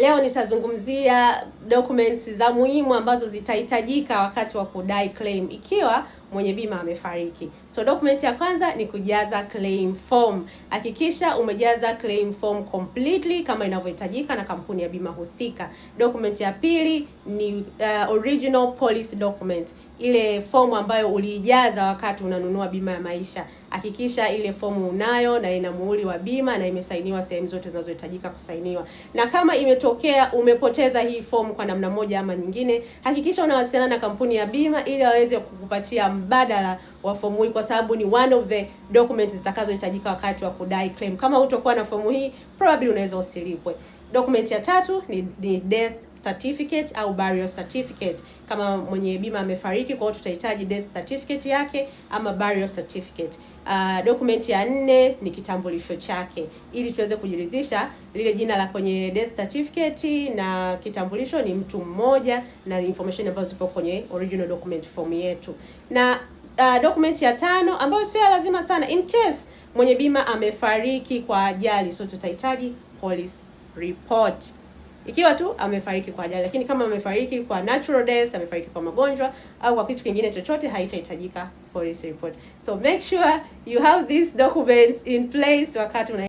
Leo nitazungumzia documents za muhimu ambazo zitahitajika wakati wa kudai claim ikiwa mwenye bima amefariki. So document ya kwanza ni kujaza claim form. Hakikisha umejaza claim form completely kama inavyohitajika na kampuni ya bima husika. Document ya pili ni uh, original policy document, ile fomu ambayo uliijaza wakati unanunua bima ya maisha. Hakikisha ile fomu unayo na ina muhuri wa bima na imesainiwa sehemu zote zinazohitajika kusainiwa, na kama imeto ikitokea umepoteza hii fomu kwa namna moja ama nyingine, hakikisha unawasiliana na kampuni ya bima ili waweze kukupatia mbadala wa fomu hii, kwa sababu ni one of the documents zitakazohitajika wakati wa kudai claim. Kama hutokuwa na fomu hii, probably unaweza usilipwe. Document ya tatu ni, ni death certificate au burial certificate. Kama mwenye bima amefariki, kwa hiyo tutahitaji death certificate yake ama burial certificate. Uh, document ya nne ni kitambulisho chake, ili tuweze kujiridhisha lile jina la kwenye death certificate na kitambulisho ni mtu mmoja, na information ambazo zipo kwenye original document form yetu. Na uh, document ya tano ambayo sio lazima sana, in case mwenye bima amefariki kwa ajali, so tutahitaji police report ikiwa tu amefariki kwa ajali, lakini kama amefariki kwa natural death, amefariki kwa magonjwa au kwa kitu kingine chochote, haitahitajika police report. So make sure you have these documents in place wakati una